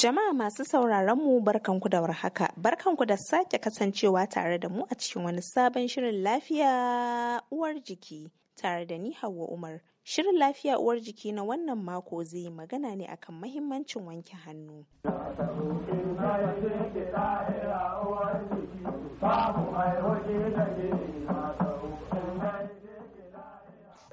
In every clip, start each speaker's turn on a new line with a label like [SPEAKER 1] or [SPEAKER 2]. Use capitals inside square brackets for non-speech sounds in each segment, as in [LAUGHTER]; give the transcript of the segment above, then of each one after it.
[SPEAKER 1] Jama'a masu sauraron mu barkanku da warhaka, barkanku da sake kasancewa tare da mu a cikin wani sabon shirin lafiya uwar jiki tare da ni Hauwa Umar. Shirin lafiya uwar jiki na wannan mako zai yi magana ne akan mahimmancin wanke hannu.
[SPEAKER 2] Babu mai da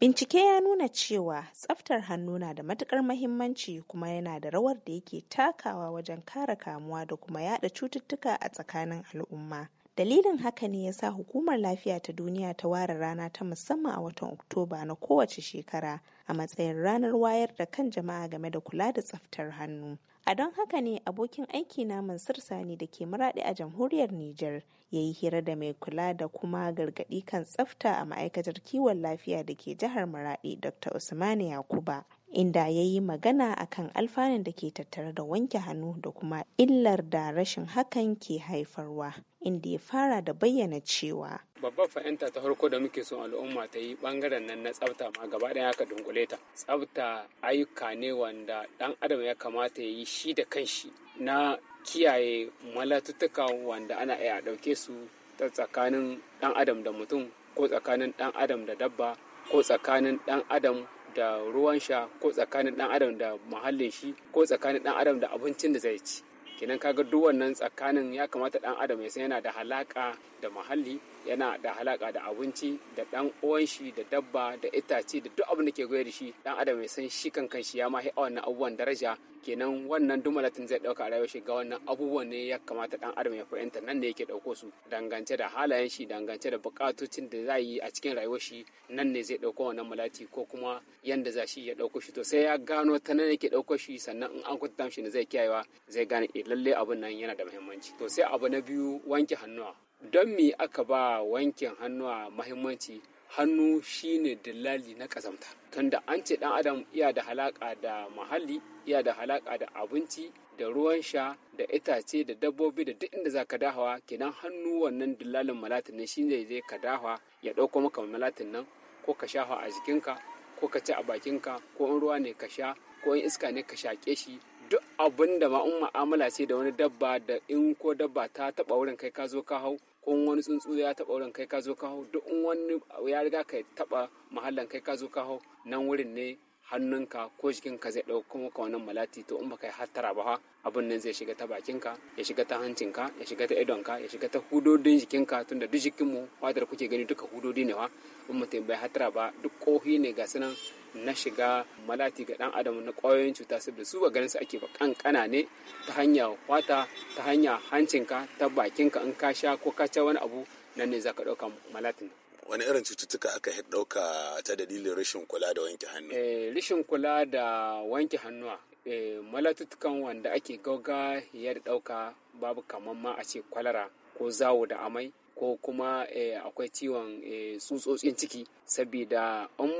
[SPEAKER 1] Bincike ya nuna cewa tsaftar hannu na da matukar mahimmanci kuma yana da rawar da yake takawa wajen kare kamuwa da kuma yada cututtuka a tsakanin al'umma. Dalilin haka ne ya sa Hukumar Lafiya ta Duniya ta ware rana ta musamman a watan Oktoba na kowace shekara a matsayin ranar wayar da kan jama'a game da kula da tsaftar hannu. A don haka ne abokin aiki na Mansur Sani da ke maraɗi a jamhuriyar Nijar ya yi hira da mai kula da kuma gargaɗi kan tsafta a ma'aikatar kiwon lafiya da ke jihar maraɗi Dr. Usmani Yakuba. Inda ya yi magana a kan alfanun da ke tattare da wanke hannu da kuma illar da rashin hakan ke haifarwa. inda ya fara da bayyana cewa
[SPEAKER 3] Babban fahimta ta farko da muke son al'umma ta yi bangaren nan na tsafta ma gaba ɗaya aka dunkule ta tsafta ayyuka ne wanda ɗan adam ya kamata ya yi shi da kanshi na kiyaye malatuttuka wanda ana iya ɗauke su ta tsakanin ɗan adam da mutum ko tsakanin ɗan adam da dabba ko tsakanin ɗan adam da ruwan sha ko tsakanin ɗan adam da muhallin shi ko tsakanin ɗan adam da abincin da zai ci kenan kaga duk wannan tsakanin ya kamata dan adam ya san yana da halaka da muhalli yana da halaka da abinci da dan uwan shi da dabba da itace da duk abin da ke goye da shi dan adam ya san shi kan kanshi ya ma a wannan abubuwan daraja kenan wannan dumalatin zai dauka a rayuwar shi ga wannan abubuwan ne ya kamata dan adam ya fahimta nan ne yake dauko su dangance da halayen shi dangance da bukatocin da za yi a cikin rayuwar shi nan ne zai dauko wannan malati ko kuma yanda za shi ya dauko shi to sai ya gano ta nan yake dauko shi sannan in an kwatanta shi ne zai kiyayewa zai gane eh, lalle abin nan yana da muhimmanci to sai abu na biyu wanke hannuwa don me aka ba wankin hannu a mahimmanci hannu shine dillali na kazamta tunda an ce dan adam iya da halaka da muhalli iya da halaka da abinci da ruwan sha da itace da dabbobi da duk inda za ka dahawa kenan hannu wannan dillalin malatin ne shine zai ka dahawa ya ɗauko maka malatin nan ko ka shafa a jikinka ko ka ci a bakinka ko in ruwa ne ka sha ko in iska ne ka shaƙe shi duk abin da ma in ce da wani dabba da in ko dabba ta taba wurin kai ka zo ka hau ko wani tsuntsu ya taba wurin kai ka zo ka hau duk wani ya riga ka taba mahallan kai ka zo ka hau nan wurin ne hannunka ko jikinka zai ɗauko maka wannan malati to in baka yi hattara ba abin nan zai shiga ta bakinka ya shiga ta hancinka ya shiga ta idonka ya shiga ta hudodin jikinka tunda duk jikinmu fatar kuke gani duka hudodi ne wa in mutum bai hattara ba duk kohi ne ga sunan na shiga malati ga dan adam na kwayoyin cuta da su ba ganin su ake ba kankana ne ta hanyar kwata ta hanyar hancinka ta bakinka in ka sha ko ka wani abu nan ne zaka dauka malatin
[SPEAKER 2] wani irin cututtuka aka ɗauka ta dalilin rashin kula da wanke hannu?
[SPEAKER 3] Eh, rashin kula da wanke hannuwa eh, malatuttukan wanda ake gauga ya dauka ɗauka babu kamar ma a ce kwalara ko zawo da amai ko kuma eh, akwai ciwon eh, tsutsotsin ciki saboda an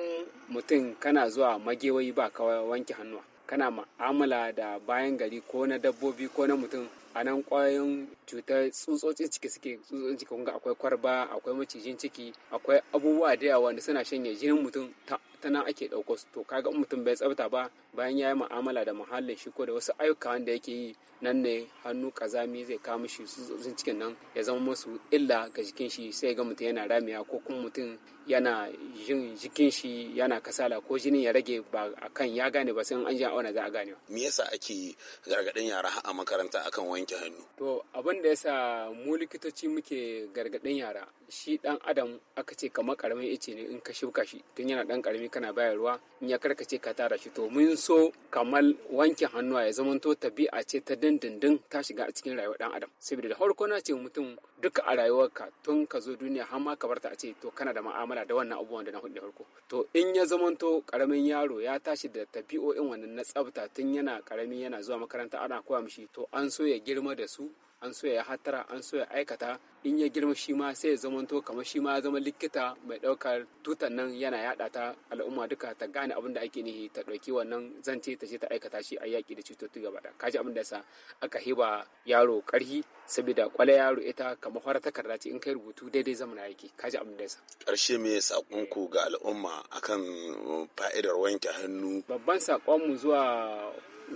[SPEAKER 3] mutum kana zuwa magewayi ba ka wanke hannuwa kana ma'amala da bayan gari ko na dabbobi ko na mutum a nan kwayoyin cutar tsutsotsin ciki suke tsutsotsin ciki kunga akwai kwarba akwai macijin ciki akwai abubuwa da yawa da suna shanye jinin mutum ta nan ake ɗauko su to kaga mutum bai tsafta ba bayan ya yi mu'amala da muhallin shi ko da wasu ayyuka wanda yake yi nan ne hannu kazami zai kama shi tsutsotsin cikin nan ya zama musu illa ga jikin shi sai ga mutum yana ramewa ko kuma mutum yana jin jikin shi yana kasala ko jinin ya rage ba akan ya gane ba sai an ji auna za a gane me
[SPEAKER 2] yasa ake gargadin yara a makaranta akan wanke hannu.
[SPEAKER 3] To abin da yasa mu likitoci muke gargaɗin yara shi ɗan adam aka ce kamar ƙaramin ice ne in ka shuka shi tun yana ɗan ƙarami kana bayarwa in ya karkace ka tara shi to mun so kamar wanke hannuwa ya zamanto tabi'a ce ta dindindin ta shiga a cikin rayuwar ɗan adam saboda da farko na ce mutum duka a rayuwarka tun ka zo duniya har ma ka barta a ce to kana da ma'amala da wannan abubuwan da na hudu da farko to in ya zamanto karamin yaro ya tashi da tabi'o'in wannan na tsafta tun yana karami yana zuwa makaranta ana koya mishi to an so ya girma da su an so ya hatara an so ya aikata in ya girma shi ma sai ya zamanto kamar shi ma ya zama likita mai ɗaukar tutan nan yana yaɗa ta al'umma duka ta gane abin da ake nihi ta ɗauki wannan zance ta ce ta aikata shi a yaki da cututtuka gaba da kaji abin da sa aka hiba yaro karhi saboda kwale yaro ita kamar fara takarda ce in kai rubutu daidai zamana yake kaji abin da sa
[SPEAKER 2] karshe me saƙonku ga al'umma akan fa'idar wanke hannu
[SPEAKER 3] babban sakon mu zuwa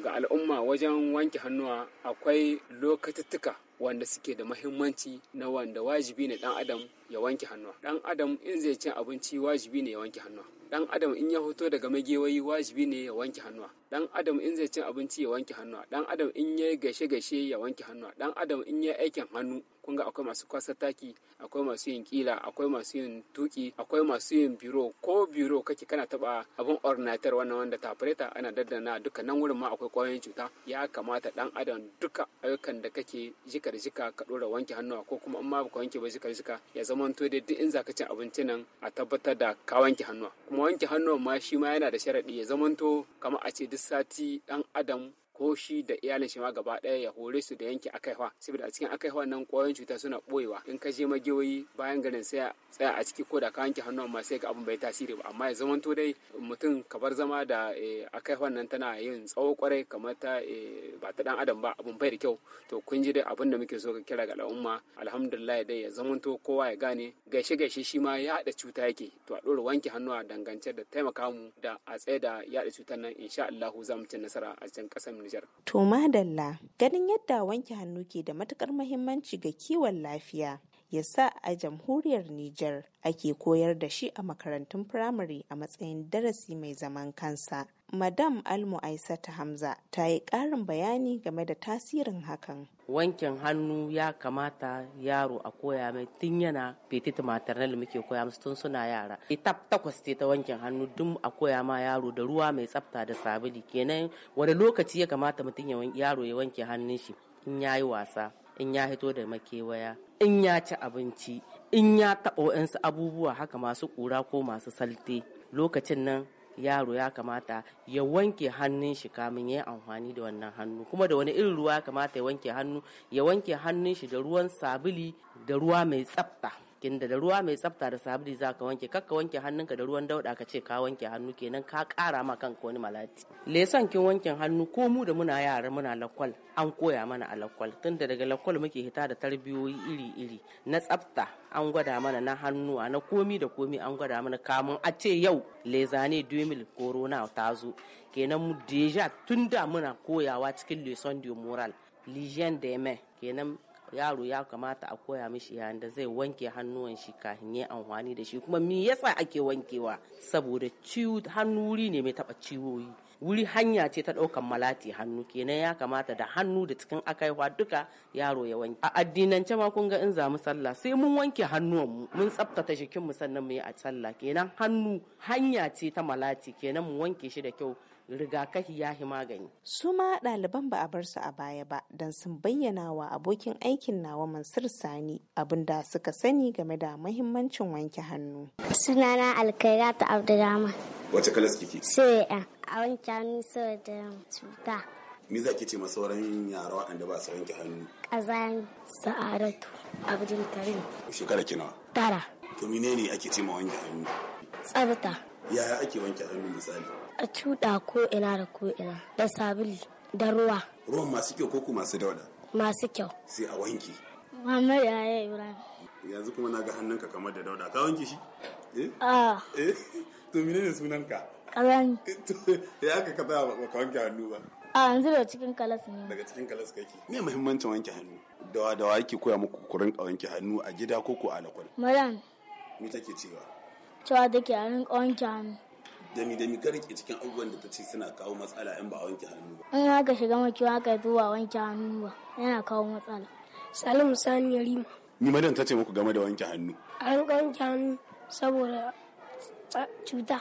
[SPEAKER 3] ga al'umma wajen wanke hannuwa akwai lokacittuka wanda suke da mahimmanci na wanda wajibi ne dan adam ya wanke hannuwa dan adam in zai ci abinci wajibi ne ya wanke hannuwa dan adam in ya hoto daga magewayi wajibi ne ya wanke hannuwa dan adam in zai ci abinci ya wanke hannuwa dan adam in ya gaishe gaishe ya wanke hannuwa dan adam in ya aikin hannu kun ga akwai masu kwasa taki akwai masu yin kila akwai masu yin tuki akwai masu yin biro ko biro kake kana taba abun ordinator wannan wanda tafareta ana daddana duka nan wurin ma akwai kwayoyin cuta ya kamata dan adam duka ayyukan da kake jika jika ka dora wanke hannuwa ko kuma in ma baka wanke ba jika jika ya zama to dai duk in zaka cin abinci nan a tabbatar da ka wanke hannuwa kuma wanke hannuwan ma shi ma yana da sharadi ya zama to kamar a ce duk sati dan adam ko shi da iyalin shi ma gaba ɗaya ya hore su da yanke akaiwa saboda a cikin akaiwa nan ƙwayoyin cuta suna ɓoyewa in ka je magiyoyi bayan garin sai tsaya a ciki ko da ka wanke hannun ma sai ga abin bai tasiri ba amma ya to dai mutum kabar zama da eh, akaiwa nan tana yin tsawo kwarai kamar ta eh, ba ta dan adam ba abun bai da kyau to kun ji dai abin da muke so ka kira ga al'umma alhamdulillah dai ya zamanto kowa ya gane gaishe gaishe shi ma ya da cuta yake to a ɗora wanke hannuwa dangance da taimaka mu da a tsaye da yaɗa cutar nan insha Allah za mu ci nasara a cikin ƙasar Nijar.
[SPEAKER 1] To madalla ganin yadda wanke hannu ke da matukar muhimmanci ga kiwon lafiya. ya sa a jamhuriyar Nijar ake koyar da shi a makarantun firamare a matsayin darasi mai zaman kansa Madam Almu Aisata Hamza ta yi ƙarin bayani game da tasirin hakan.
[SPEAKER 4] Wankin hannu ya kamata yaro a koya mai tun yana fetit maternal muke koya musu tun suna yara. Etap takwas ce ta wankin hannu duk a koya ma yaro da ruwa mai tsafta da sabulu kenan wani lokaci ya kamata mutum yaro ya wanke hannun shi in ya yi wasa in ya hito da makewaya in ya ci abinci in ya taɓa waɗansu abubuwa haka masu ƙura ko masu salte lokacin nan yaro ya kamata ya wanke hannun shi kamin ya yi amfani da wannan hannu kuma da wani irin ruwa ya kamata ya wanke hannu ya wanke hannun shi da ruwan sabili da ruwa mai tsafta kinda da ruwa mai tsafta da sabuli za ka wanke kakka wanke hannunka da ruwan dauda ka ce ka wanke hannu kenan ka kara ma kanka wani malati lesan kin wankin hannu ko mu da muna yara muna lakwal an koya mana a lakwal tunda daga lakwal muke hita da tarbiyoyi iri-iri na tsafta an gwada mana na hannu na komi da komi an gwada mana kamun a ce yau lezane duemil corona ta zo kenan mu deja tunda muna koyawa cikin leson de moral lijen de kenan yaro ya kamata a koya mishi yayin da zai wanke hannuwan shi kafin ya amfani da shi kuma me yasa ake wankewa saboda ciwo hannu wuri ne mai taba ciwoyi wuri hanya ce ta ɗaukan malati hannu kenan ya kamata da hannu da cikin akaiwa duka yaro ya wanke a addinance ma kun ga in zamu sallah sai mun wanke mu mun tsaftace jikin mu sannan mu yi a sallah kenan hannu hanya ce ta malati kenan mu wanke shi da kyau rigakafi ya hi magani.
[SPEAKER 1] Su ma ɗaliban ba a bar su a baya ba don sun bayyana wa abokin aikin nawa Mansur Sani abinda suka sani game da mahimmancin wanke hannu. Sunana ta Abdulrahman. wace kalas kike sai a wanke hannu da cuta
[SPEAKER 2] mi za ki ce ma sauran yara waɗanda ba su wanke hannu
[SPEAKER 1] kazan sa'aratu abdul karim
[SPEAKER 2] shekara ki nawa tara to ne ake ce ma wanke hannu tsabta yaya ake wanke hannu misali
[SPEAKER 1] a cuɗa ko ina da ko ina da sabili da ruwa
[SPEAKER 2] ruwan masu kyau ko ku masu dauda masu kyau sai a wanke
[SPEAKER 1] Muhammad Yaya Ibrahim.
[SPEAKER 2] Yanzu kuma na ga hannunka kamar da dauda. Ka wanke shi? Eh? Ah. Eh? to menene sunanka karani [LAUGHS] ya aka ka tsaya ba ka wanke hannu ba
[SPEAKER 1] a yanzu daga cikin kalas ne
[SPEAKER 2] daga cikin kalas kake me muhimmancin wanke hannu dawa dawa yake koya muku ku rinka wanke hannu a gida ko ko a lakwal maran me take cewa
[SPEAKER 1] cewa dake a rinka wanke hannu
[SPEAKER 2] dami dami ka rike cikin abubuwan da ta ce suna kawo matsala in ba a wanke hannu ba
[SPEAKER 1] in haka shiga maki haka zuwa wanke hannu ba yana kawo matsala salim sani yarima
[SPEAKER 2] ni madan ta ce muku game da wanke hannu
[SPEAKER 1] a rinka wanke hannu saboda cuta.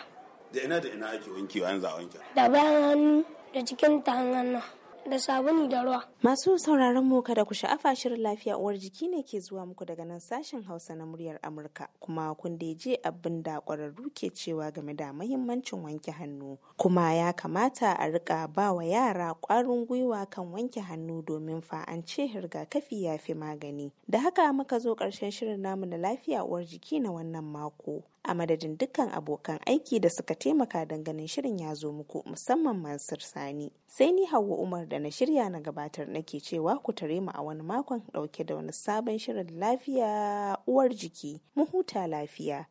[SPEAKER 2] Da ina da ina ake
[SPEAKER 1] wankewa yanzu a wanke? Da bayan hannu da cikin ta hannu. da sabulu da ruwa. Masu sauraron mu kada ku sha'afa shirin lafiya uwar jiki ne ke zuwa muku daga nan sashen Hausa na muryar Amurka kuma kun da je abin da ƙwararru ke cewa game da mahimmancin wanke hannu. Kuma ya kamata a riƙa ba wa yara ƙwarin gwiwa kan wanke hannu domin fa an ce rigakafi ya fi magani. Da haka muka zo ƙarshen shirin namu na lafiya uwar jiki na wannan mako. a madadin dukkan abokan aiki da suka taimaka ganin shirin ya zo muku musamman Mansur Sani. Sai ni Hauwa Umar da na shirya na gabatar nake cewa ku tare mu a wani makon dauke da wani sabon shirin lafiya uwar jiki mu huta lafiya.